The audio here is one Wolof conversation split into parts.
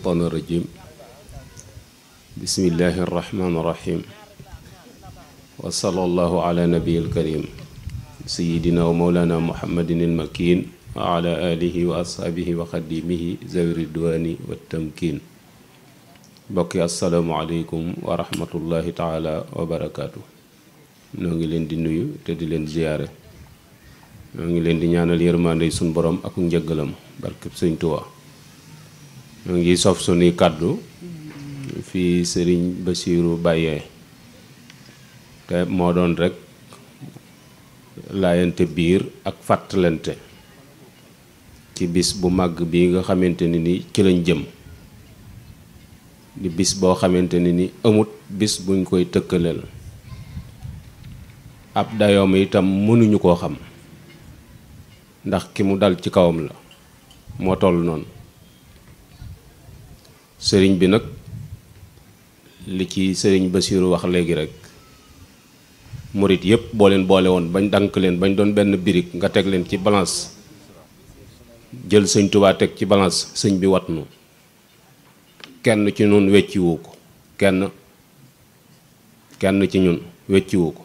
الشيطان الرجيم بسم الله الرحمن الرحيم وصلى الله على نبي الكريم سيدنا ومولانا محمد المكين وعلى آله وأصحابه وخديمه ذوي الردوان والتمكين بقي السلام عليكم ورحمة الله تعالى وبركاته نونغي لين دي نويو تدي لين زيارة نونغي لين دي ñaanal yermande sun borom ak njëggalam barkeb seigne touba ñu ngi sof suñuy kàddu fii sëriñ Basiiru Bàyyee te moo doon rekk laayante biir ak fàttalante ci bis bu màgg bi nga xamante ne ni ci lañ jëm di bis boo xamante ni amut bis buñ koy tëkkaleel ab dayoom itam mënuñu koo xam ndax ki mu dal ci kawam la moo toll noonu sëriñ bi nag li ci sëriñ ba Basiiru wax léegi rek murit yépp boo leen boole woon bañ dànk leen bañ doon benn birig nga teg leen ci balance jël sëñ Tuubaa teg ci balance sëñ bi wat nu kenn ci ñun wecciwu ko kenn kenn ci ñun wecciwu ko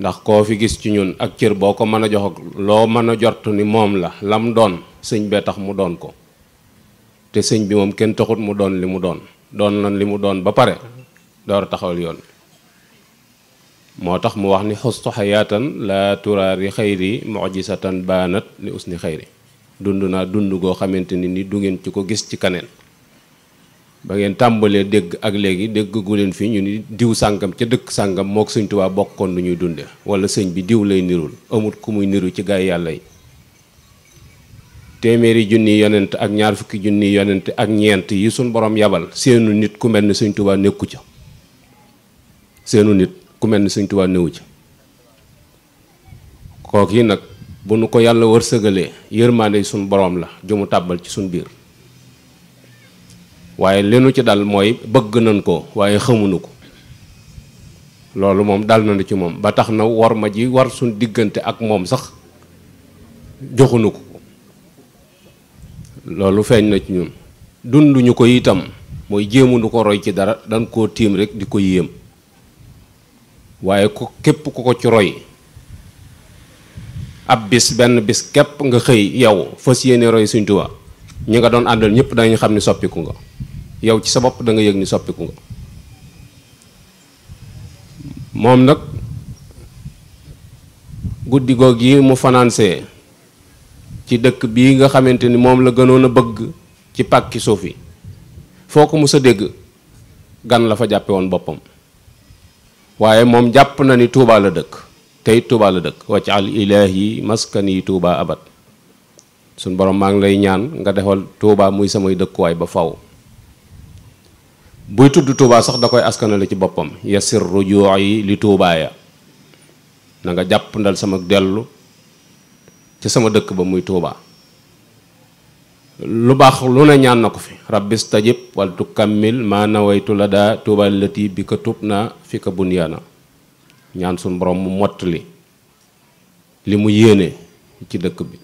ndax koo fi gis ci ñun ak cër boo ko mën a jox loo mën a jort ni moom la lam doon sëñ bee tax mu doon ko te sëñ bi moom kenn taxut mu doon li mu doon doon lan li mu doon ba pare door taxawal yoon moo tax mu wax ni xustu xayaatan laa turaari xayri mujisatan baanat us usni xayri dund naa dund goo xamante ni ni du ngeen ci ko gis ci kaneen ba ngeen tàmbalee dégg ak léegi dégg gu leen fi ñu ni diw sàngam ca dëkk sàngam mook sëñ Tuubaa bokkoon lu ñuy dunde wala sëñ bi diw lay nirul amut ku muy niru ci gaay yàlla yi téeméeri junni yenent ak ñaar fukki junni yonent ak ñeent yi suñ boroom yabal seenu nit ku mel ni Sëñ Tuubaa nekku ca seenu nit ku mel ni Sëñ Tuubaa newu ca kook yi nag bu nu ko yàlla wërsëgalee yërmaande suñ boroom la ju tàbbal ci suñ biir waaye leenu ci dal mooy bëgg nañ ko waaye xamunu ko loolu moom dal nañu ci moom ba tax na war ma ji war suñ diggante ak moom sax joxunu ko loolu feeñ na ci ñun dunduñu ko itam mooy jéemalu ko roy ci dara dan koo tiim rek di ko yéem waaye ko képp ku ko ci roy ab bis benn bis képp nga xëy yow fas yéene roy Sëñ Tuubaa ñi nga doon àndal ñëpp danañ xam ni soppiku nga yow ci sa bopp da yëg ni soppiku nga moom nag guddi goog yi mu fanaansee ci dëkk bii nga xamante ni moom la gënoon a bëgg ci pàkki suuf yi foo ko mës a dégg gan la fa jàppe woon boppam waaye moom jàpp na ni Touba la dëkk tey Touba la dëkk wacc yi maskan yi tuubaa abad suñ borom maa ngi lay ñaan nga defal Touba muy samay dëkkuwaay ba faw buy tudd Touba sax da koy askanale ci boppam yasir rujuu'i li Touba ya na nga jàpp ndal sama dellu ci sama dëkk ba muy Touba lu baax lu ne ñaan na ko fi rabbi stajib wal tukammil maa nawaytu la daa Touba lati bi ko tub naa fi ko bunyaana ñaan suñu borom mu mottali li mu yéene ci dëkk bi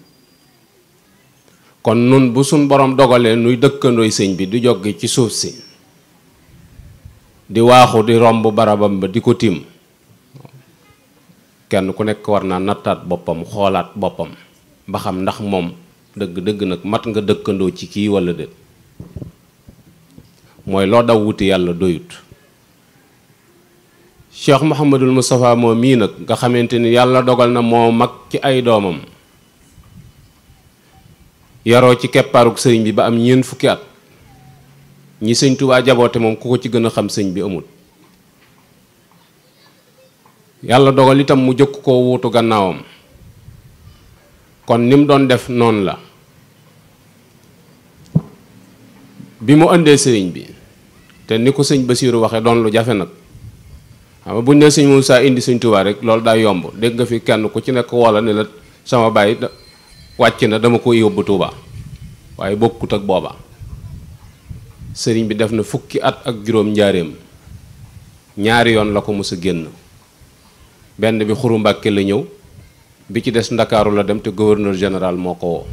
kon nun bu suñ borom dogalee nuy dëkkandooy sëñ bi di jóge ci suuf si di waaxu di romb barabam ba di ko tiim kenn ku nekk war naa nattaat boppam xoolaat boppam ba xam ndax moom dëgg-dëgg nag mat nga dëkkandoo ci kii walla de mooy loo daw wuti yàlla doyut cheikh Mouhamadul Moustapha moom mii nag nga xamante ni yàlla dogal na moo mag ci ay doomam yaroo ci keppaaruk sëriñ bi ba am ñeent fukki at ñi sëñ Tuubaa jaboote moom ku ko ci gën a xam sëñ bi amul yàlla dogal itam mu jëkk koo wuutu gannaawam kon ni mu doon def noonu la bi mu indee sëriñ bi te ni ko sëñ Basiiru waxee doon lu jafe nag xam nga buñ ne sëñ Moussa indi sëñ Tuubaa rek loolu daay yomb dégg nga fi kenn ku ci nekk wala ne la sama baay wàcc na dama ko yóbbu Tuubaa waaye bokkut ak booba sëriñ bi def na fukki at ak juróom njaareem ñaari yoon la ko mës a génn benn bi xuru Mbàkke la ñëw bi ci des ndakaaru la dem te gouverneur général moo ko woo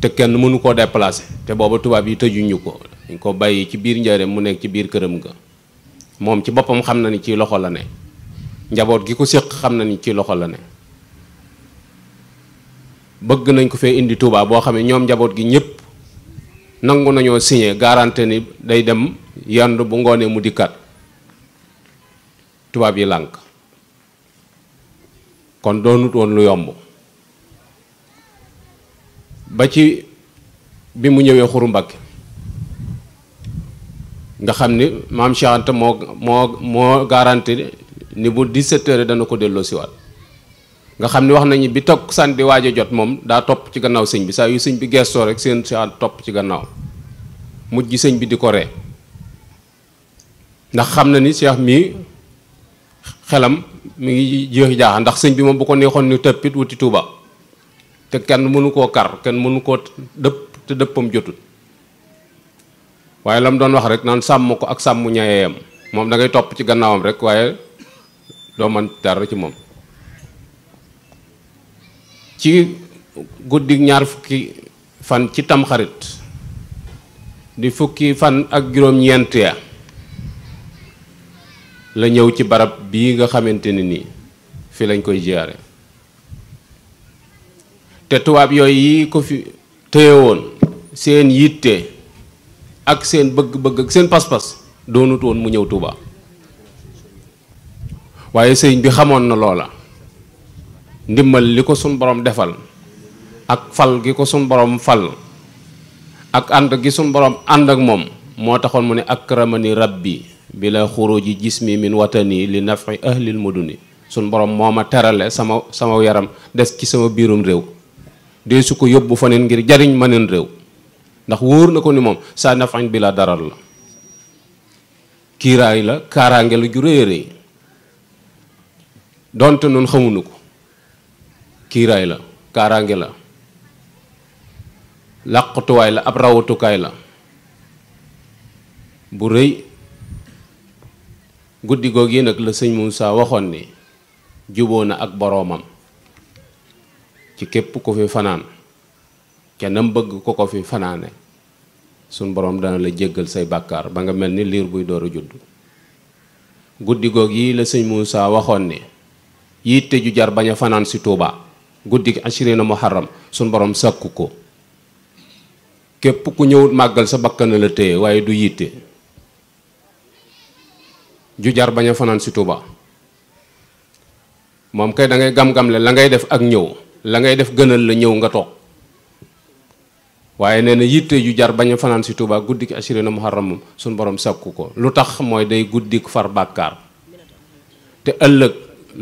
te kenn mënu koo déplacer te booba tubaab yi tëjuñu ko dañ ko bàyyi ci biir njaareem mu nekk ci biir këram ga moom ci boppam xam na ni ci loxo la ne njaboot gi ko séq xam na ni ci loxo la ne bëgg nañ ko fee indi tuubaa boo xam ñoom njaboot gi ñëpp nangu nañoo signé garantie ni day dem yandu bu ngoonee mu dikkaat tubaab yi lànk kon doonut woon lu yomb ba ci bi mu ñëwee xuru Mbàkke nga xam ni maam Cheikh Anta moo moo moo garanti ni bu 17 heures dana ko delloo siwaat nga xam ni wax nañu bi toog sànni di waaj jot moom daa topp ci gannaaw sëñ bi saa yu sëñ bi gestoo rek seen Cheikh topp ci gannaaw mujj gi sëñ bi di ko ree ndax xam na ni Cheikh mii xelam mi ngi jeex jaaxa ndax sëñ bi moom bu ko neexoon ni tëppit wuti Touba te kenn mënu koo kar kenn mënu koo dëpp te dëppam jotut waaye la mu doon wax rek naan sàmm ko ak sàmm ñayeyam moom da ngay topp ci gannaawam rek waaye doo mën dara ci moom ci guddi ñaar fukki fan ci tamxarit di fukki fan ak juróom-ñeent ya la ñëw ci barab bii nga xamante ne nii fi lañ koy ziyaare te tubaab yooyu yi ko fi téye seen yitte ak seen bëgg-bëgg ak seen pas-pas doonut woon mu ñëw Tuuba waaye sëñ bi xamoon na loola ndimmal li ko sun borom defal ak fal gi ko sun borom fal ak ànd gi sun borom ànd ak moom moo taxoon mu ne akramani bi bila xuruji jismi min watani li nafi ahlil muduni suñ borom moo ma terale sama sama yaram des ci sama biirum réew dee ko yóbbu fa neen ngir jariñ ma neen réew ndax wóor na ko ni moom saa nafañ bi la daral la kiiraay la kaaraange la ju rëy a donte noonu xamuñu ko kiiraay la kaaraange la làqutuwaay la ab rawatukaay la bu rëy guddi googu yi nag la sëñ Moussa waxoon ni juboo na ak boroomam ci képp ku fi fanaan ca nam bëgg ko ko fi fanaane suñ boroom dana la jéggal say bàkkaar ba nga mel ni liir buy door a judd guddi goog yi la sëñ Moussa waxoon ne yitte ju jar bañ a fanaan si Touba guddi na mu xaram suñ boroom sàkku ko képp ku ñëwut màggal sa bakkan la téye waaye du yitte ju jar bañ a fanaan si Touba moom kay da ngay gam-gamle la ngay def ak ñëw la ngay def gënal la ñëw nga toog waaye nee na yitte ju jar bañ a fanaan si Touba guddik asirina muharram moom suñu borom sakku ko lu tax mooy day guddik far bàkkaar te ëllëg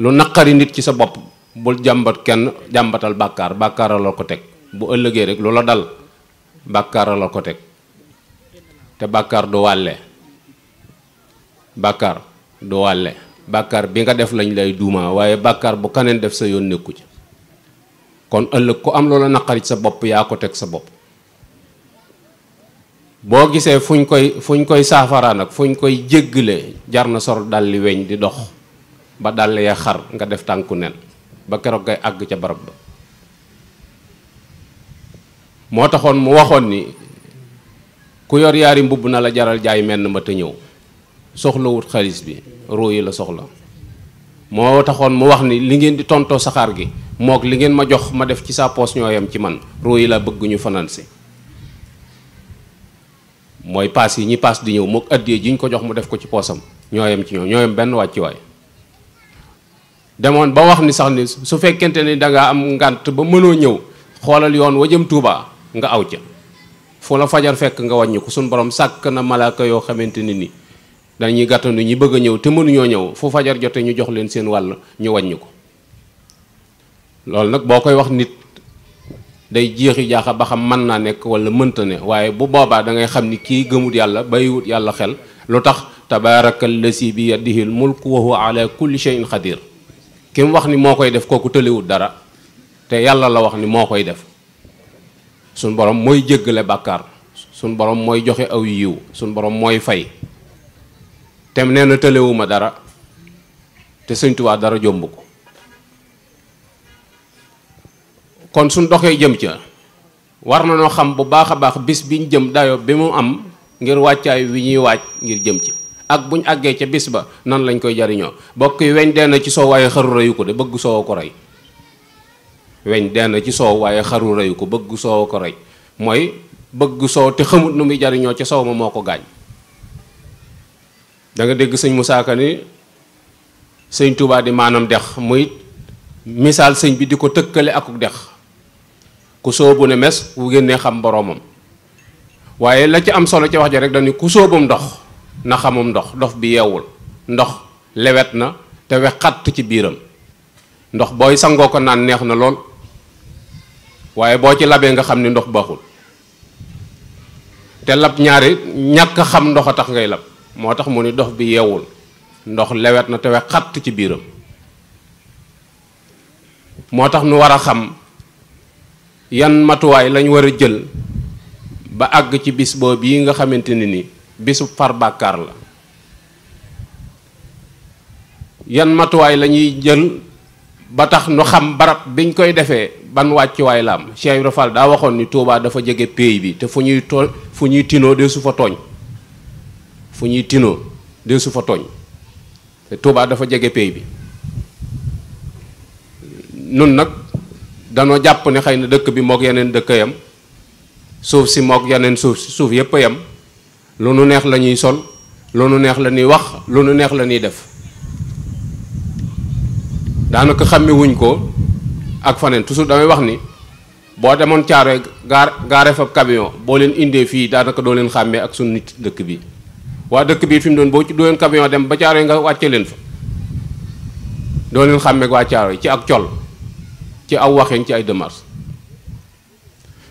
lu naqari nit ci sa bopp bul jàmbat kenn jàmbatal bàkkaar bàkkaara la ko teg bu ëllëgee rek lu la dal bàkkaara la ko teg te bàkkaar du wàlle bàkkaar du wàlle bàkkaar bi nga def lañ lay duuma waaye bàkkaar bu kaneen def sa yoon nekku ci kon ëllëg ku am loola naqarit sa bopp yaa ko teg sa bopp boo gisee fuñ koy fuñ koy saafara nag fuñ koy jéggle jar na sor dalli weñ di dox ba dàll ya xar nga def tànku nen ba keroog ngay àgg ca barab ba moo taxoon mu waxoon ni ku yor yaari mbubb na la jaral jaay menn ma te ñëw soxlawut xaalis bi roo yi la soxla moo taxoon mu wax ni li ngeen di tontoo saxaar gi mook li ngeen ma jox ma def ci sa poos ñooyam ci man roo yi la bëgguñu fanaan si mooy paas yi ñi paas di ñëw mook addee ji ñu ko jox mu def ko ci poosam ñooyam ci ñoom ñooyam benn wàccuwaay demoon ba wax ni sax ni su fekkente ni dangaa am ngànt ba mënoo ñëw xoolal yoon wa jëm Tuubaa nga aw ca fu la fajar fekk nga wàññi ko suñ borom sàkk na malaaka yoo xamante ni nii dañuy gàttandu ñi bëgg a ñëw te mënuñoo ñëw fu fajar jote ñu jox leen seen wàll ñu wàññi ko loolu nag boo koy wax nit day jeexi jaaxa ba xam mën naa nekk walla mënta ne waaye bu boobaa dangay xam ni kii gëmut yàlla bàyyiwut yàlla xel lu tax tabaarakal lasi bi yadihil mulk wa huwa ala kulli shay'in xadir ki mu wax ni moo koy def kooku tëliwut dara te yàlla la wax ni moo koy def suñ borom mooy jéggale bàkkaar suñ borom mooy joxe aw yiw suñ borom mooy fay te nee na tëlewuma dara te sëñ dara jomb ko kon suñ doxee jëm ca war na noo xam bu baax a baax bis biñ jëm dayo bi mu am ngir wàccaay wi ñuy wàcc ngir jëm ci ak buñ àggee ca bis ba nan lañ koy jariñoo bokk yi weñ dee na ci soow waaye xaru reyu ko de bëgg soow ko rey weñ dee na ci soow waaye xaru reyu ko bëgg soow ko rey mooy bëgg soow te xamut nu muy jariñoo ca soow ma moo ko gaañ danga dégg sëñ mu Ka ni sëñ Touba di maanam dex muy misaal sëñ bi di ko tëkkale akuk dex ku soobu ne mes wu génnee xam boroomam waaye la ci am solo ci wax ji rek dañu ku soobum ndox na xamum ndox ndox bi yeewul ndox lewet na te we xatt ci biiram ndox booy sangoo ko naan neex na lool waaye boo ci labee nga xam ni ndox baaxul te lab ñaari ñàkk xam ndox a tax ngay lab moo tax mu ni dox bi yeewul ndox lawet na tewe xat ci biiram moo tax nu war a xam yan matuwaay lañ war a jël ba àgg ci bis boobu bi nga xamante ni ni bisu far bàkkaar la yan matuwaay lañuy jël ba tax nu xam barab biñ koy defee ban wàccuwaay waay am Cheikh Ibra daa waxoon ni Touba dafa jege péey bi te fu ñuy to fu ñuy tinoo de su fa tooñ fu ñuy tinoo dee su fa tooñ te Touba dafa jege pay bi nun nag danoo jàpp ne xëy na dëkk bi moo yeneen dëkk yam suuf si mook yeneen suuf si suuf yépp yam lu nu neex la ñuy sol lu nu neex la ñuy wax lu nu neex la ñuy def daanaka xàmmewuñ ko ak faneen toujours damay wax ni boo demoon caaree gaar gaare fa camion boo leen indee fii daanaka doo leen xàmmee ak suñu nit dëkk bi waa dëkk bii fi mu doon boo ci doon camion dem ba caaro yi nga wàcce leen fa doo leen xàmmeeg waa caaro yi ci ak col ci aw waxin ci ay démarche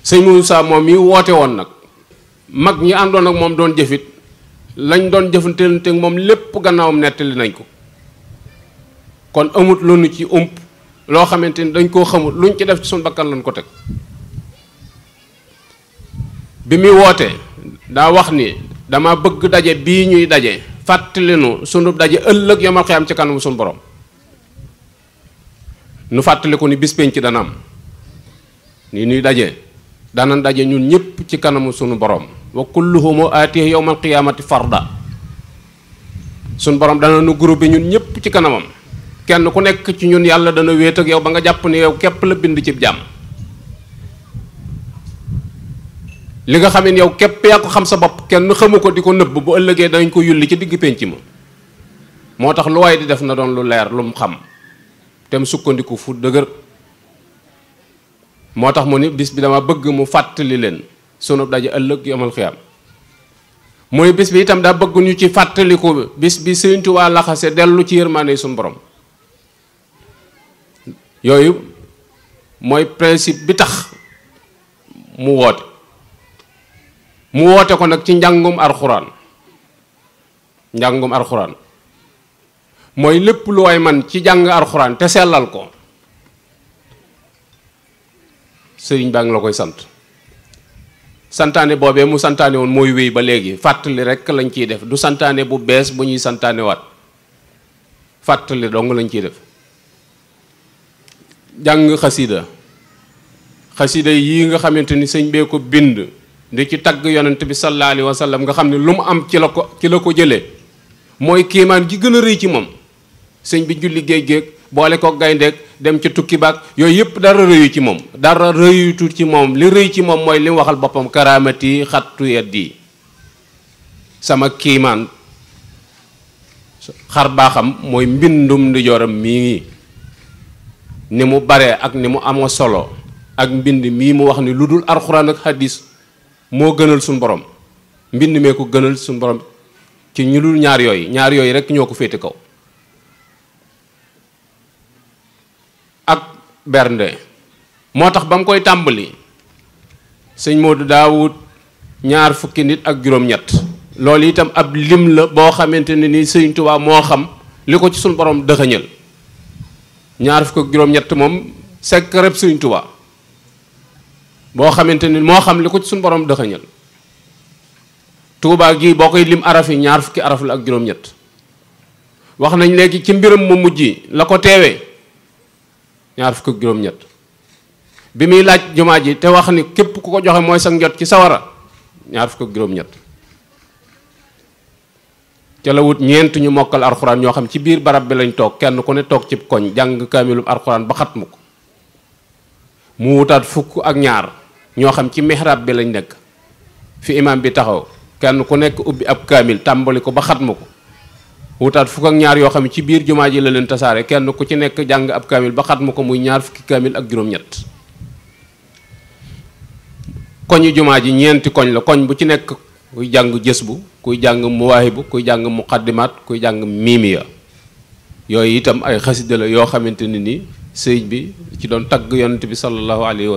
sëñ Moussa moom mi woote woon nag mag ñi àndoon ak moom doon jëfit lañ doon jëfanteel teg moom lépp gannaawam nettali nañ ko kon amut lu ci ump loo xamante ni dañ koo xamul luñ ci def ci suñ bakkan lañ ko teg bi muy wootee daa wax ni dama bëgg daje bii ñuy daje fàttali nu sunu daje ëllëg yomal xiyam ci kanam sunu borom nu fàttaliku ni bis pénc dana am ni nuy daje dana daje ñun ñëpp ci kanamu sunu borom wa kulluhum aatihi yawmal qiyaamati farda sunu borom dana nu groupe bi ñun ñëpp ci kanamam kenn ku nekk ci ñun yàlla dana wéet ak yow ba nga jàpp ni yow képp la bind cib jàmm li nga xam ne yow képp yaa ko xam sa bopp kenn xamu ko di ko nëbb bu ëllëgee dañ ko yulli ci digg pénc ma moo tax lu waaye di def na doon lu leer lu mu xam te mu sukkandiku fu dëgër moo tax mu ni bis bi dama bëgg mu fàttali leen sunu daje ëllëg yomal xiyam mu ni bi itam daa bëgguñu ci fàttaliku bis bi Sëriñ Tuubaa laxase dellu ci yërmaande suñu borom yooyu mooy principe bi tax mu woote mu woote ko nag ci njàngum alxuraan njàngum arxuraan mooy lépp lu way man ci jàng alxuraan te sellal ko sëyiñ baa ngi la koy sant santaane boobee mu santaane woon mooy wéy ba léegi fàttali rekk lañ ciy def du santaane bu bees bu ñuy santaanewaat fàttali dong lañ ciy def jàng xasida xasida yi nga xamante ni sëñ bee ko bind di ci tagg yonent bi sallallahu alayhi wa sallam nga xam ne lu mu am ci la ko ci la ko jëlee mooy kéemaan gi gën a rëy ci moom sëñ bi julli géej géej boole ko gayndeeg dem ca tukki baag yooyu yëpp dara rëyu ci moom dara rëyutu ci moom li rëy ci moom mooy li mu waxal boppam karaamati xattu yaddi sama kiimaan xar baaxam mooy mbindum ndijooram mii ni mu bare ak ni mu amoo solo ak mbind mii mu wax ni lu dul alxuraan ak hadis moo gënal suñu borom mbind mee ko gënal suñu borom ci ñu dul ñaar yooyu ñaar yooyu rek ñoo ko féete kaw ak bernde moo tax ba mu koy tàmbali sëñ Modou Daawut ñaar fukki nit ak juróom-ñett loolu itam ab lim la boo xamante ne ni sëñ Tuubaa moo xam li ko ci suñu borom dëxëñal ñaar fukk ak juróom-ñett moom sekk reb sëñ Tuubaa boo xamante ni moo xam li ko ci suñu borom dëxëñal tuubaa gi boo koy lim araf yi ñaar fukki araf la ak juróom-ñett wax nañ léegi ci mbiram mu mujj la ko teewee ñaar fukki ak juróom-ñett bi muy laaj jumaa ji te wax ni képp ku ko joxe mooy sa njot ci sawara ñaar fukki ak juróom-ñett ca la wut ñeent ñu mokkal arxuraan ñoo xam ci biir barab bi lañ toog kenn ku ne toog cib koñ jàng kaamilum arxuraan ba xat mu ko mu wutaat fukk ak ñaar ñoo xam ci mihrab bi lañ nekk fi imam bi taxaw kenn ku nekk ubbi ab kaamil tàmbali ko ba xat xatma ko wutaat fukk ak ñaar yoo xam ci biir jumaa ji la leen tasaare kenn ku ci nekk jàng ab kaamil ba xat xatma ko muy ñaar fukki kaamil ak juróom-ñett koñu jumaa ji ñeenti koñ la koñ bu ci nekk kuy jàng jës bu kuy jàng muwaahibu kuy jàng muqaddimaat kuy jàng miimiya yooyu itam ay xasida la yoo xamante ne ni sëñ bi ci doon tagg yonent bi sallallahu alayhi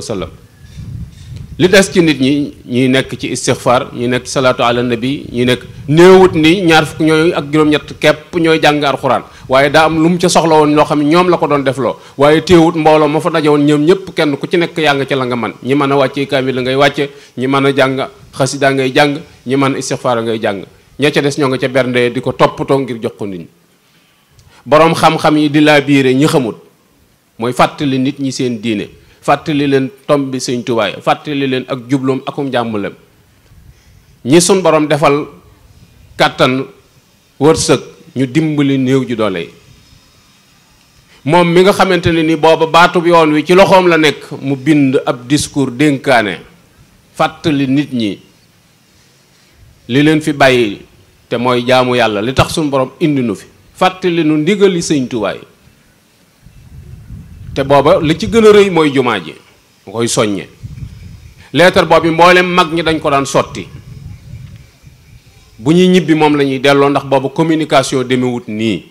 li des ci nit ñi ñuy nekk ci istixfaar ñu nekk salaatu ala nabi ñu nekk néewut ni ñaar fukk ñooy ak juróom-ñett képp ñooy jàng alxuraan waaye daa am lu mu ca soxla woon loo xam ne ñoom la ko doon defloo waaye téewut mbooloo ma fa daje ñoom ñëpp kenn ku ci nekk yaa nga ca la nga man ñi mën a wàccee kaamil la ngay wàcce ñi mën a jàng xasida ngay jàng ñi mën a istixfaar ngay jàng ña ca des ñoo nga ca bernde di ko toppatoo ngir jox ko nit ñi boroom xam-xam yi di laa biire ñi xamut mooy fàttali nit ñi seen diine fàttali leen tomb bi sëñ Tuubaa yi leen ak jubloom akum njàmbuleem ñi sun borom defal kàttan wërsëg ñu dimbali néew ji doole yi moom mi nga xamante ne ni booba baatub yoon wi ci loxoom la nekk mu bind ab discours dénkaane fàttali nit ñi li leen fi bàyyi te mooy jaamu yàlla li tax suñu boroom indi nu fi fàttali nu ndigali sëñ Tuubaa te booba li ci gën a rëy mooy jumaa ji mu koy soññe leetar bi mboolem mag ñi dañ ko daan sotti bu ñuy ñibbi moom lañuy delloo ndax boobu communication demewut nii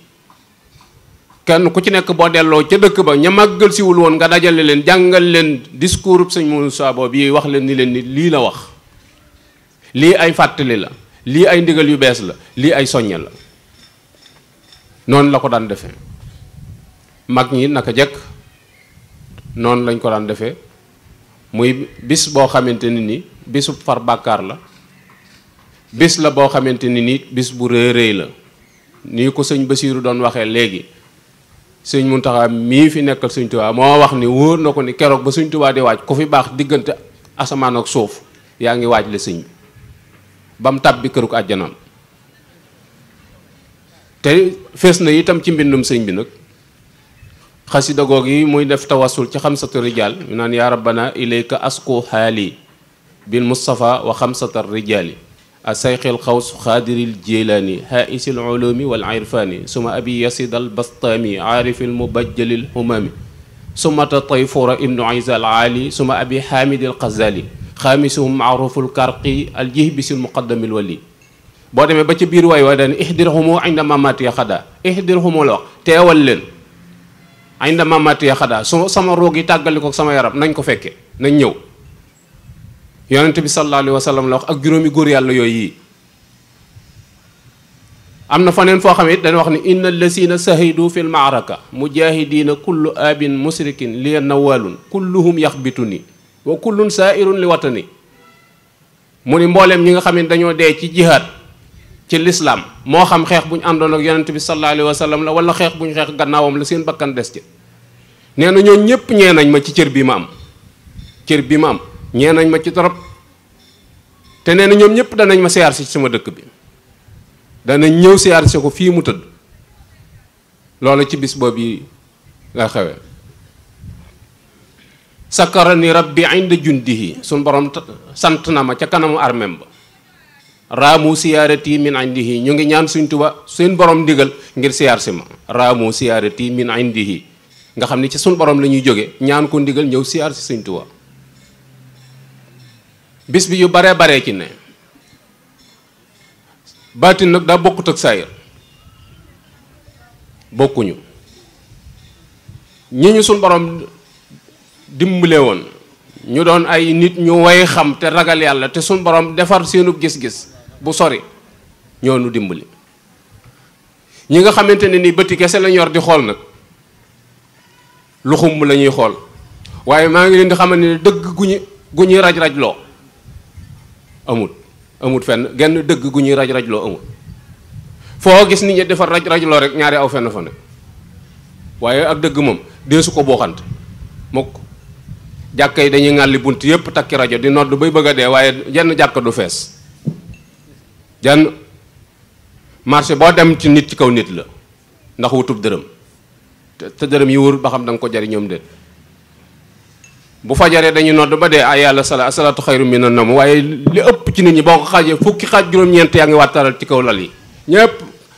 kenn ku ci nekk boo delloo ca dëkk ba ña màggal siwul woon nga dajale leen jàngal leen discours sëñ Moussa boobu yi wax leen ni leen ni lii la wax lii ay fàttali la lii ay ndigal yu bees la lii ay soññe la noonu la ko daan defee mag ñi naka jekk noonu lañ ko daan defee muy bis boo xamante ni ni bisub far bàkkaar la bis la boo xamante ni ni bis bu rëy rëy la nii ko sëñ ba Basiiru doon waxee léegi sëñ taxa mii fi nekkal sëñ Tuubaa moo wax ni wóor na ko ni keroog ba sëñ Tuubaa di waaj ku fi baax diggante asamaan ak suuf yaa ngi waaj la sëñ bi ba mu tàbbi këruk àjjanam te fees na itam ci mbindum sëñ bi nag xasida goog yi muy def tawasul ci xamsatu rijaal yu naan yaa rabbana ilayka asku xaali bil mustafa wa xamsata rijaali a sayxil xaws xaadiril jilaani haaisil ulumi wal irfaani suma abi yasid al bastaami aarifil mubajjalil humami sumata tayfura ibnu isa al aali suma abi xaamidil xazali xaamisuhum maaruful karqi al jihbisil muqaddamil wali boo demee ba ci biir waay waay daan ihdirhumu inda mamatiya xada ihdirhumu la wax teewal leen añ da mamatiya xadaa su sama roog yi tàggali ko sama yaram nañ ko fekke nañ ñëw yonente bi sallallahu alayhi wa la wax ak juróomi góor yàlla yooy yi am na faneen foo xam it dañ wax ni inna allasina sahidu fi lmaaraka mujahidina kullu abin musrikin li nawalun kulluhum yaxbitu ni wa kullun saairun li watani mu ni mbooleem ñi nga xam dañoo dee ci jihaad ci lislaam moo xam xeex bu ñu àndoon ak yonent bi sallallahu alayhi wa sallam la wala xeex bu ñu xeex gannaawam la seen bakkan des ci nee na ñoo ñëpp ñee nañ ma ci cër bi ma am cër bi ma am ñee nañ ma ci torop te nee ñoom ñëpp danañ ma siyaar si sama dëkk bi danañ ñëw siyaar si ko fii mu tëdd loolu ci bis boobu yi la xewee sakkara ni rabbi inda jundihi suñ borom sant na ma ca kanamu armem ba raamu siyaarati min indihi ñu ngi ñaan suñ tuba seen borom ndigal ngir siyaar si ma raamu siyaarati min indihi nga xam ne ci suñ borom la ñuy jóge ñaan ko ndigal ñëw siyaar si suñ tuba bis bi yu baree baree ci ne baatin nag daa bokkut ak saayir bokkuñu ñi ñu suñ borom dimbale woon ñu doon ay nit ñu way xam te ragal yàlla te suñ borom defar seenub gis-gis bu sori ñoo nu dimbali ñi nga xamante ne ni bëti kese lañ yor di xool nag lu xumb la ñuy xool waaye maa ngi leen di xamante ni dëgg gu gu ñuy raj raj loo amut amut fenn genn dëgg gu ñuy raj raj loo amut foo gis nit ñi defar raj raj loo rek ñaari aw fenn fa waaye ak dëgg moom dee ko booxante mukk jàkka yi dañuy ŋàlli bunt yépp takki rajo di nodd bay bëgg a dee waaye jenn jàkka du fees jenn marché boo dem ci nit ci kaw nit la ndax wutub dërëm te dërëm yi wóor ba xam da nga ko jariñoom déet bu fajaree dañu nodd ba dee ay yàlla sala asalaatu xayru mi na nam waaye li ëpp ci nit ñi boo ko xaajee fukki xaaj juróom-ñeent yaa ngi taral ci kaw lal yi ñëpp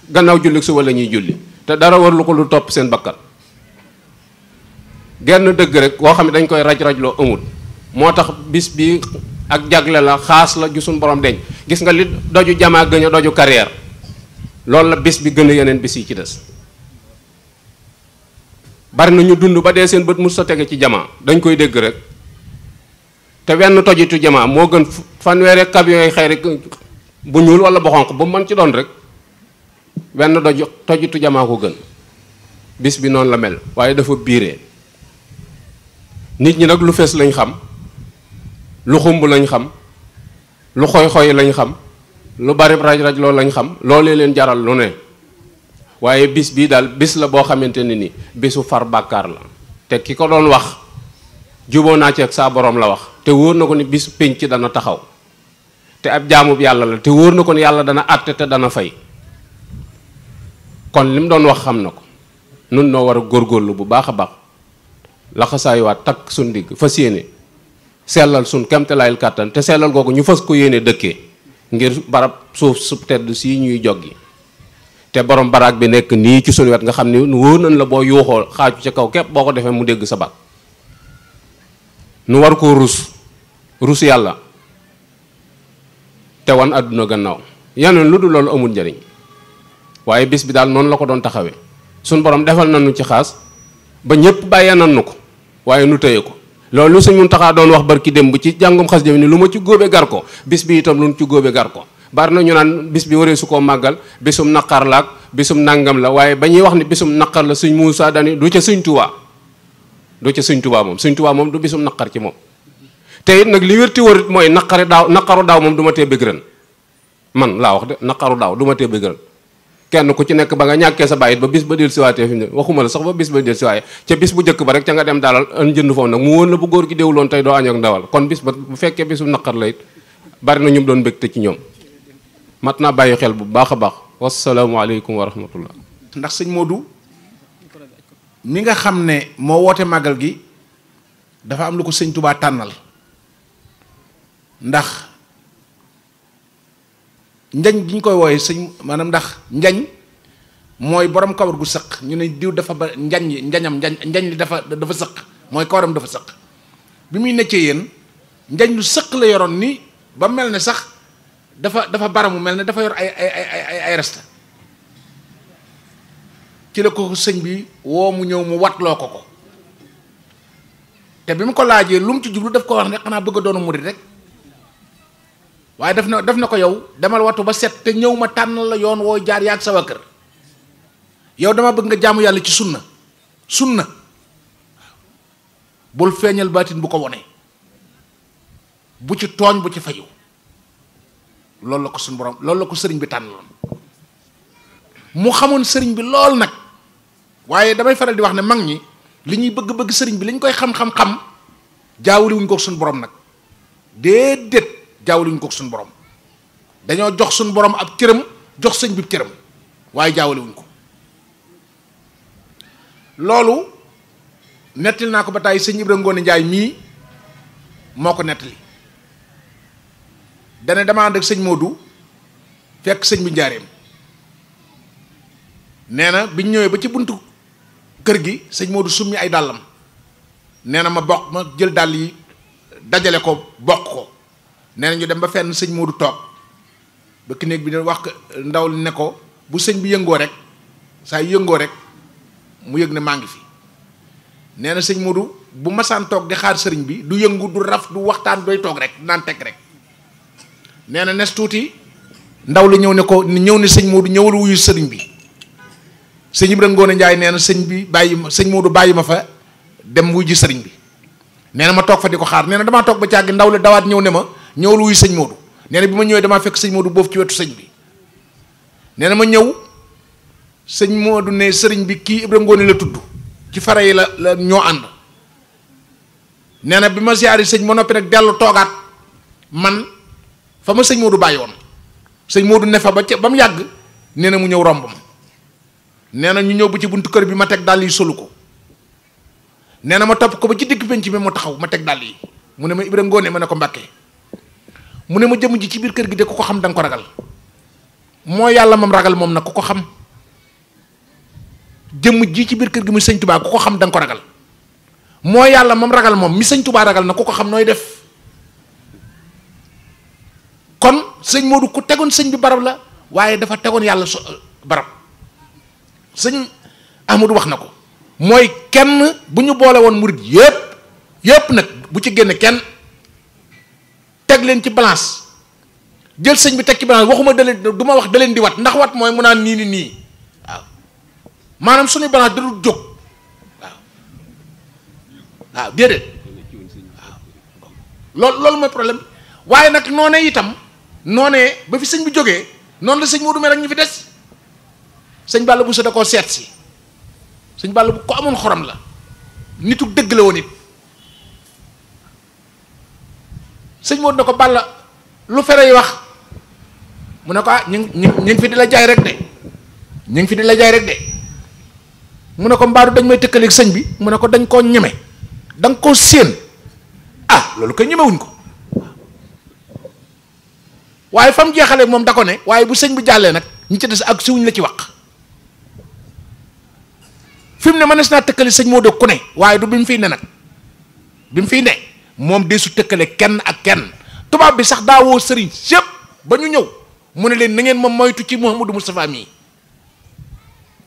gannaaw julli suba la ñuy julli te dara war lu ko lu topp seen bakkal genn dëgg rek koo xam ne dañ koy raj loo amul moo tax bis bi ak jagle la xaas la ju borom deñ gis nga li doju jamaa gën a doju carrière loolu la bis bi gën a yeneen bis yi ci des bari na ñu dund ba dee seen bët mu sa tege ci jamaa dañ koy dégg rek te wenn tojitu jamaa moo gën fanweere camion yi xeeri bu ñuul wala bu xonq bu mën ci doon rek wenn doj tojitu jamaa ko gën bis bi noonu la mel waaye dafa biiree nit ñi nag lu fees lañ xam lu xumb lañ xam lu xoy-xoy lañ xam lu bari raj-raj loolu lañ xam loolee leen jaral lu ne waaye bis bii daal bis la boo xamante ne ni bisu far bàkkaar la te ki ko doon wax juboo naa ci ak saa boroom la wax te wóor na ko ni bisu pénc dana taxaw te ab jaamub yàlla la te wóor na ko yàlla dana àtte te dana fay kon li doon wax xam na ko nun noo war a góorlu bu baax a baax laxasaayuwaat takk suñ digg fas yéene sellal suñ kemtalaayil kàttan te sellal googu ñu fas ko yéene dëkkee ngir barab suuf su tedd si ñuy joggi te boroom baraag bi nekk nii ci suñu wet nga xam ne wóor nañ la boo yuuxoo xaaju ca kaw képp boo ko defee mu dégg sa baat nu war ko rus rus yàlla te wan àdduna gannaaw yeneen lu dul loolu amul njariñ waaye bis bi daal noonu la ko doon taxawee sun boroom defal nañu ci xaas ba ñëpp bàyyee nañu ko waaye nu téye ko loolu suñ mun taxaa doon wax barki dem bu ci jàngum xas jëm ni lu ma ci góobe gar ko bis bi itam lu ci góobee gar ko bari na ñu naan bis bi waree su koo màggal bisum naqar la ak bisum nangam la waaye ba ñuy wax ni bisum naqar la suñ Muusaa dani du ca suñ tubaa du ca suñ tubaa moom suñ tubaa moom du bisum naqar ci moom te it nag li wérti wërit mooy naqari daaw naqaru daaw moom du ma tee bëgg ren man laa wax de naqaru daaw du ma tee bëgg kenn ku ci nekk ba nga ñàkkee sa bàyyit ba bis ba del siwaatee fi waxuma la sax ba bis ba del siwaatee ca bis bu njëkk ba rek ca nga dem daalal an jënd foofu nag mu wóor la bu góor gi déewuloon tey doo añ ba bu fekkee bisu naqar la it bari na ñu doon mbégte ci ñoom mat naa bàyyi xel bu baax a baax wasalaamualeykum wa rahmatullah ndax sëñ Modou mi nga xam ne moo woote màggal gi dafa am lu ko sëñ Tubaa ndax njañ gi ñu koy wooyee sëñ maanaam ndax njañ mooy boroom kawar gu sëq ñu ne diw dafa ba njañ njañam njañ njañ li dafa dafa sëq mooy kawaram dafa sëq bi muy nekkee yéen njañ lu sëq la yoroon ni ba mel ne sax dafa dafa baramu mel ne dafa yor ay ay ay ay resta ci la ko sëñ bi woo mu ñëw mu watloo ko ko te bi mu ko laajee lu mu ci jublu daf ko wax ne xanaa bëgg a doonu murid rek waaye daf na daf na ko yow demal wattu ba set te ñëw ma tànn la yoon woo jaar yaag sa waa yow dama bëgg nga jaamu yàlla ci sunna sunna bul feeñal baatin bu ko wone bu ci tooñ bu ci fayu loolu la ko suñ borom loolu la ko sëriñ bi tànnaloon mu xamoon sëriñ bi lool nag waaye damay faral di wax ne mag ñi li ñuy bëgg-bëgg sëriñ bi li ñu koy xam-xam-xam jaawuli wuñ ko suñ borom nag déedéet jaawluñ ko suñu borom dañoo jox suñu boroom ak cëram jox sëñ bi cëram waaye jaawaliwuñ ko loolu nettali naa ko ba tàyyi sëñ Ibra Ngoone Njaay mii moo ko nettali dana dama ànd ak sëñ Modou fekk sëñ bu njaareem nee na biñ ñëwee ba ci buntu kër gi sëñ Modou summi ay dàllam nee na ma bokk ma jël dàll yi dajale ko bokk ko nee na dem ba fenn sëñ Modou toog ba néeg bi ne wax ndaw li ne ko bu sëñ bi yëngoo rek saa yëngoo rek mu yëg ne maa fi nee na sëñ Modou bu masaan toog di xaar sëriñ bi du yëngu du raf du waxtaan doy toog rek naan teg rek nee na nes tuuti ndaw li ñëw ne ko ñëw ne sëñ Modou ñëwal wuyu sëriñ bi sëñ bi Ibra Ngoone Njaay nee na sëñ bi bàyyi ma sëñ Modou bàyyi ma fa dem wuyu ji sëriñ bi nee na ma toog fa di ko xaar nee na damaa toog ba càggi ndaw li dawaat ñëw ne ma ñëwul wuy sëñ Modou nee bi ma ñëwee damaa fekk sëñ Modou boofu ci wetu sëñ bi nee na ma ñëw sëñ Modou ne sëriñ bi kii Ibrahima Ngoone la tudd ci fara yi la la ñoo ànd nee na bi ma siyaari sëñ ba noppi nag dellu toogaat man fa ma sëñ Modou bàyyi woon sëñ Modou ne fa ba ca ba mu yàgg nee na mu ñëw romb ma nee na ñu ñëw ba ci buntu kër bi ma teg dàll yi solu ko nee na ma topp ko ba ci digg penc bi mu taxaw ma teg dàll yi mu ne ma Ibrahima Ngoone ma ne ko Mbàkke mu ne ma jëmm ji ci biir kër gi de ku ko xam da ko ragal moo yàlla moom ragal moom nag ku ko xam jëmm ji ci biir kër gi mu sëñ tubaa ku ko xam da ko ragal moo yàlla moom ragal moom mi sëñ tubaa ragal na ku ko xam nooy def kon sëñ Modou ku tegoon sëñ bi barab la waaye dafa tegoon yàlla so barab sëñ Ahmadou wax na ko mooy kenn bu ñu boole woon murit yépp yépp nag bu ci génne kenn teg leen ci balance jël sëñ bi teg ci balance waxuma da du ma wax da di wat ndax wat mooy mu naan nii ni nii waaw maanaam suñu balance dadul jóg waaw waaw déedéet loolu mooy problème waaye nag noone itam noonee ba fi sëñ bi jógee noonu la sëñ Modou Mer ak ñu fi des sëñ Balla bu sa da koo si sëñ Balla bu ko amoon xorom la nitu dëgg la woon it sëñ Modou ne ko Balla lu fere yi wax mu ne ko ah ñu ngi ñu ngi fi di la jaay rek de ñu fi di la jaay de mu ne ko mbaadu dañ may tëkkaleek sëñ bi mu ne ko dañ koo ñeme da koo séen ah loolu koy ñemewuñ ko waaye fa mu jeexalee moom da ko ne waaye bu sëñ bu jàllee nag ñi ci des ak siwuñ la ci wax fi mu ne mënees naa tëkkali sëñ moo de ku ne waaye du bi mu fiy ne nag bi mu fiy ne. moom de su tëkkale kenn ak kenn tubaab bi sax daawoo sëriñ sépp ba ñu ñëw mu ne leen na ngeen ma moytu ci Mouhamadou Moustapha mii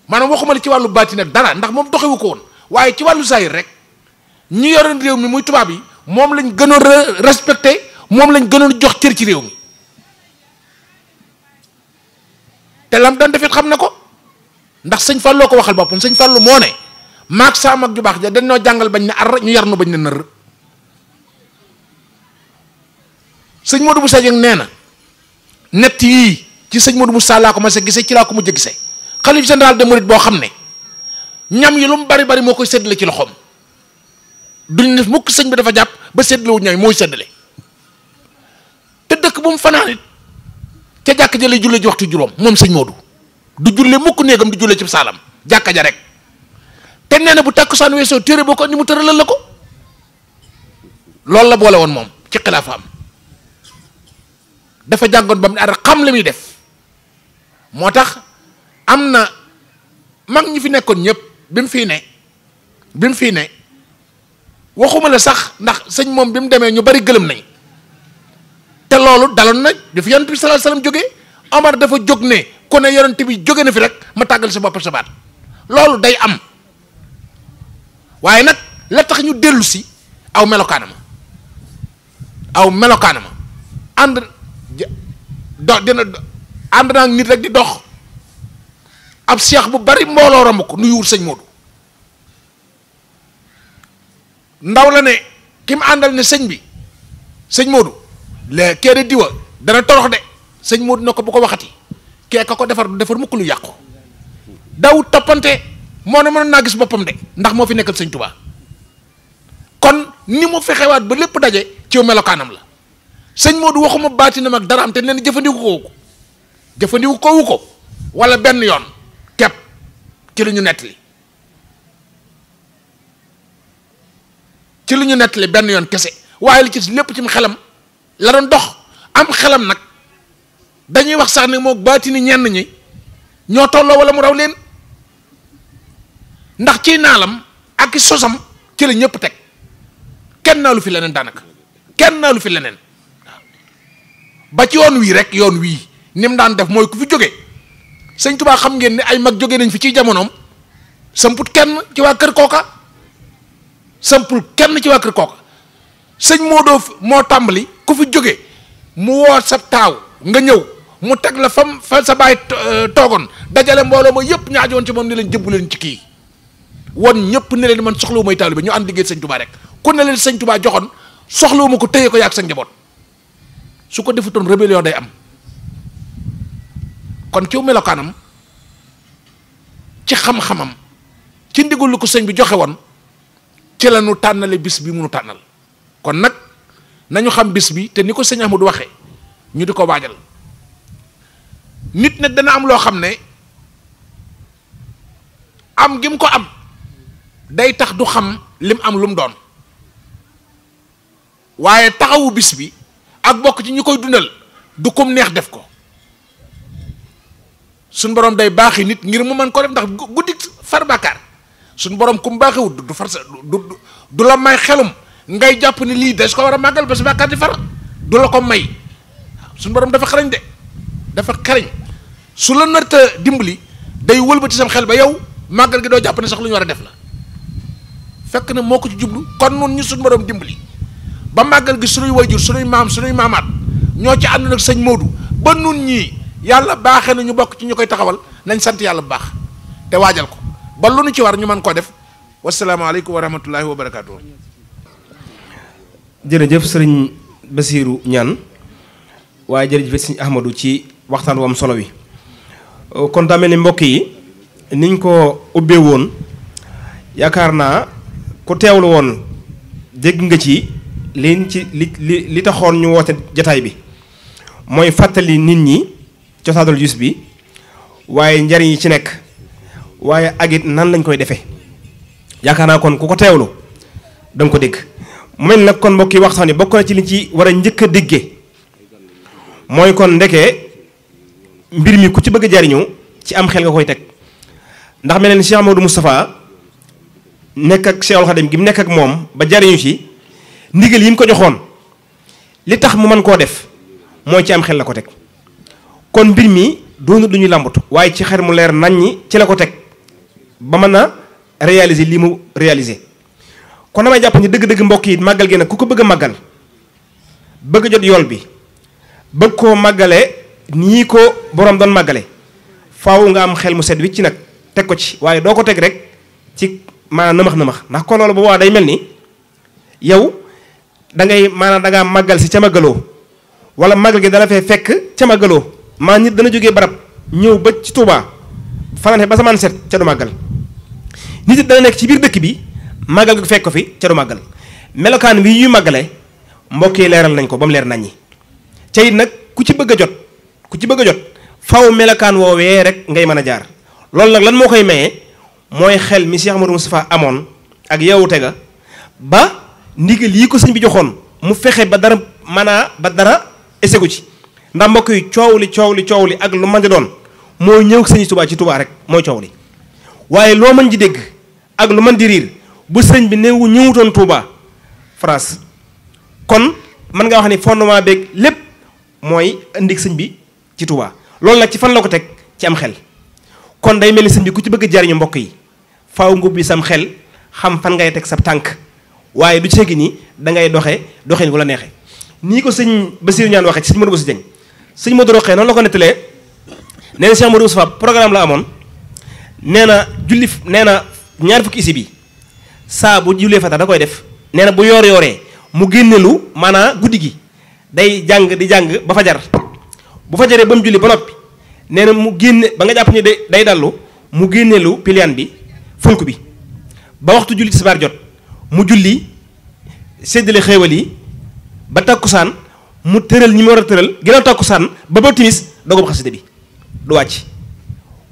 maanaam waxuma la ci wàllu baatin ak dara ndax moom doxewu ko woon waaye ci wàllu zahir rek ñu yoroon réew mi muy tubaab yi moom lañ gënoon respecté moom lañ gënoon jox cër ci réew mi te lam doon defit xam na ko ndax sëñ Fallou ko waxal boppam sëñ Fallou moo ne maag saa mag ju baax ja dañ noo jàngal bañ ne ar ñu yar nu bañ ne nër sëñ Modou bu Dieng nee na nett yii ci sëñ Modou mu laa ko ma sa gisee ci laa ko mujj gisee xalif général de Mouride boo xam ne ñam yi lu mu bari bari moo koy séddale ci loxoom duñ ne mukk sëñ bi dafa jàpp ba séddale wu ñooy mooy séddale te dëkk bu mu fanaan ca jàkk ja lay jullee ji waxtu juróom moom sëñ Modou du jullee mukk néegam du jullee ci saalam jàkka ja rek te nee na bu tàkkusaan weesoo téere boo ko andi mu tëralal la ko loolu la boole moom ci xilaafa am dafa jàngoon ba mu ne xam la muy def moo tax am na mag ñi fi nekkoon ñëpp bi mu fii ne bi mu fii ne waxuma la sax ndax sëñ moom bi mu demee ñu bari gëlëm nañ te loolu daloon na bi fi yonent bi sallallahu alayhi wasallam Omar dafa jóg ne ku ne yonent bi jóge na fi rek ma tàggal sa bopp sa baat loolu day am waaye nag la tax ñu dellu si aw melokaanama aw melokaanama ànd dox dina ànd naa rek di dox ab seex bu bari mbooloo romb ko sëñ Modou ndaw la ne ki mu àndal ne sëñ bi sëñ Modou le kee de diwa dana torox de sëñ Modou na ko bu ko waxati kee ka ko defar du defar mukk lu yàqu daw toppante moo ne mën naa gis boppam de ndax moo fi nekkal sëñ Touba kon ni mu fexewaat ba lépp daje ci melokaanam la sëñ Modou waxuma baatinam ak dara am te nee na jëfandiku ko ko walla benn yoon kepp ci lu ñu nettali ci lu ñu nettali benn yoon kese waaye li ci lépp ci xelam la doon dox am xelam nag dañuy wax sax ne moo baatini ñenn ñi ñoo tolloo wala mu raw leen ndax ci naalam ak sosam ci la ñëpp teg kenn naa lu fi leneen daanaka kenn naa lu fi leneen ba ci yoon wii rek yoon wii ni daan def mooy ku fi jóge sëñ Tuubaa xam ngeen ne ay mag jóge nañ fi ci jamonoom samput kenn ci waa kër kooka sampul kenn ci waa kër sëñ Modou moo tàmbali ku fi jóge mu woo sa taaw nga ñëw mu teg la fam fa sa baay euh, toogoon dajale mbooloo ma yëpp ñaajo woon ci moom ni leen jëbbu leen ci kii wan ñëpp ne leen man soxlawu may taalibe ñu ànd liggéey sañ Tuubaa rek ku ne leen sëñ Tuubaa joxoon soxlawu ma ko téye ko yaag sa njaboot su ko defutoon rébellion day am kon ciw melokaanam ci xam-xamam ci ndigal lu ko sëñ bi joxe woon ci la ñu tànnale bis bi munu tànnal kon nag nañu xam bis bi te ni ko sëñ du waxe ñu di ko waajal nit na dana am loo xam ne am gi mu ko am day tax du xam lim am lum doon waaye taxawu bis bi ak bokk ci ñi koy dundal du kum neex def ko suñ borom day baaxi nit ngir mu man ko def ndax guddi far bàkkaar suñ borom kum baaxiwul du far sa du du la may xelum ngay jàpp ni lii des ko war a màggal ba si bàkkaar di far du la ko may suñ borom dafa xarañ de dafa xarañ su la narta dimbali day wëlbati sam xel ba yow màggal gi doo jàpp ne sax lu war a def la fekk na moo ko ci jublu kon nun ñu suñ borom dimbali ba màggal gi sunuy wayjur sunuy maam sunuy maamaat ñoo ci àndoon ak sëñ Modou ba nun ñii yàlla baaxee na ñu bokk ci ñu koy taxawal nañ sant yàlla bu baax te waajal ko ba lu nu ci war ñu man koo def wasalaamaaleykum wa rahmatullahi wa barakaatu. jërëjëf sëriñ Basiiru ñaan waaye jërëjëf sëriñ Ahmadou ci waxtaan wu solo wi kon daa mel ni mbokk yi niñ ko ubbee woon yaakaar naa ku teewlu woon dégg nga ci. leen ci li li li taxoon ñu woote jataay bi mooy fàttali nit ñi cosaanul jus bi waaye njariñ yi ci nekk waaye agit nan lañ koy defee yaakaar naa kon ku ko teewlu danga ko dégg mu mel nag kon mbokk yi waxtaan yi bokk na ci li ci war a njëkk a déggee mooy kon ndeke mbir mi ku ci bëgg a jariñu ci am xel nga koy teg ndax mel ne Cheikh Amadou Moustapha nekk ak Cheikh Khadim gi mu nekk ak moom ba jariñu ci ndigal yi mu ko joxoon li tax mu mën koo def mooy ci am xel la ko teg kon mbir mi doonut lu ñuy làmbatu waaye ci xel mu leer nañ ñi ci la ko teg ba mën a réaliser lii mu réaliser kon damay jàpp ni dëgg-dëgg mbokk yi màggal gi nag ku ko bëgg a màggal bëgg jot yool bi bëgg koo màggale nii ko borom doon màggale faw nga am xel mu set wi ci nag teg ko ci waaye doo ko teg rek ci maanaam nëmax nëmax ndax kon loolu bu waa day mel ni yow da ngay maanaam da ngaa màggal si ca maggaloo wala màggal gi dala fee fekk ca maggaloo maa nit dana jógee barab ñëw ba ci Touba fanaan ba samaan set ca du màggal nit it dana nekk ci biir dëkk bi màggal gi fekk ko fi ca du màggal melokaan wi ñuy màggale mbokk yi leeral nañ ko ba mu leer nañ ñi ca it nag ku ci bëgg a jot ku ci bëgg a jot faw melokaan woowee rek ngay mën a jaar loolu nag lan moo koy maye mooy xel mi Cheikh Amadou Moustapha amoon ak yeewu tega ba ndigal yi ko sëñ bi joxoon mu fexe ba dara maanaa ba dara esegu ci ndax mbokk yi coow li coow li coow li ak lu man di doon moo ñëw sëñ tubaa ci tubaa rek mooy coow li waaye loo mën di dégg ak lu mën di riir bu sëñ bi néewu ñëwutoon tuubaa France kon mën nga wax ni fondement beeg lépp mooy indi sëñ bi ci tubaa loolu nag ci fan la ko teg ci am xel kon day mel ni sëñ bi ku ci bëgg jariñu mbokk yi faaw ngub bi sam xel xam fan ngay teg sa tànk waaye du ceegi nii dangay ngay doxee doxin wala neexee nii ko sëñ Basiiru ñaan waxee ci sëñ Modou Bousso Dieng sëñ Modou Roqee noonu la ko nettalee nee na Cheikh sa Moustapha programme la amoon nee na julli nee na ñaar fukki isi bi saa bu jullee fata da koy def nee na bu yoor yooree mu lu maanaam guddi gi day jàng di jàng ba fajar bu fajaree ba mu julli ba noppi nee na mu génne ba nga jàpp ni day dallu mu lu piliyaan bi fulk bi ba waxtu julli tisbaar jot mu julli séddale xéewal yi ba tàkkusaan mu tëral ñi mu war a tëral ginnaaw tàkkusaan ba ba timis dogob xasida bi du wàcc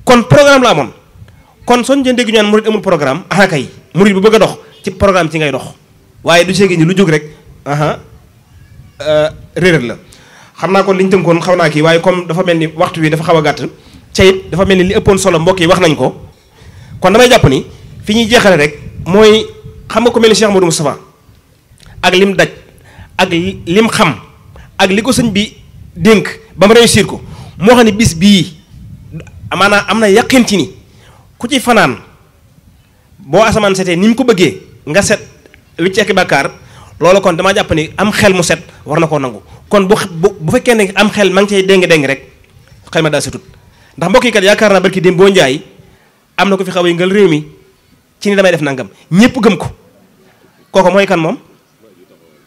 kon programme la amoon kon soñ jëndee gi ñu naan murid amul programme ah kay murid bu bëgg a dox ci programme ci ngay dox waaye du seegi ni lu jóg rek aha euh, réeréer la xam naa ko liñ ñu tënkoon xaw naa ki waaye comme dafa mel ni waxtu wi dafa xaw a gàtt ca it dafa mel ni li ëppoon solo mbokk yi wax nañ ko kon damay jàpp ni fi ñuy xam nga ko mel ni Cheikh Modou Moustapha ak lim daj ak lim xam ak li ko sëñ bi dénk ba ma réussir ko moo xam ne bis bii maanaam am na yàqin ni ku ci fanaan boo asamaan setee ni mu ko bëggee nga set wicceeki bàkkaar loolu kon damaa jàpp ni am xel mu set war na koo nangu kon bu bu bu fekkee ne am xel ma ngi cay déng-déng rek xel ma daa setut ndax mbokk kat yaakaar naa barki dem boo njaay am na ko fi xaw a yëngal réew mi ci ni damay def nangam ñëpp gëm ko kooku mooy kan moom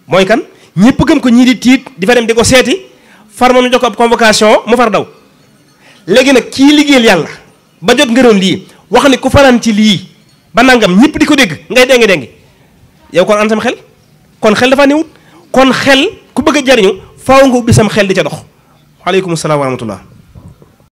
mooy kan ñëpp gëm ko ñii di tiit di fa dem di ko seeti far ma nu jox ko ab convocation mu far daw léegi nag kii liggéeyal yàlla ba jot ngërëm lii wax ni ku fanaan ci lii ba nangam ñëpp di ko dégg ngay dengi dengi yow kon an sam xel kon xel dafa newut kon xel ku bëgg a jariñu faaw nga ubbi sam xel di ca dox waaleykum salaam wa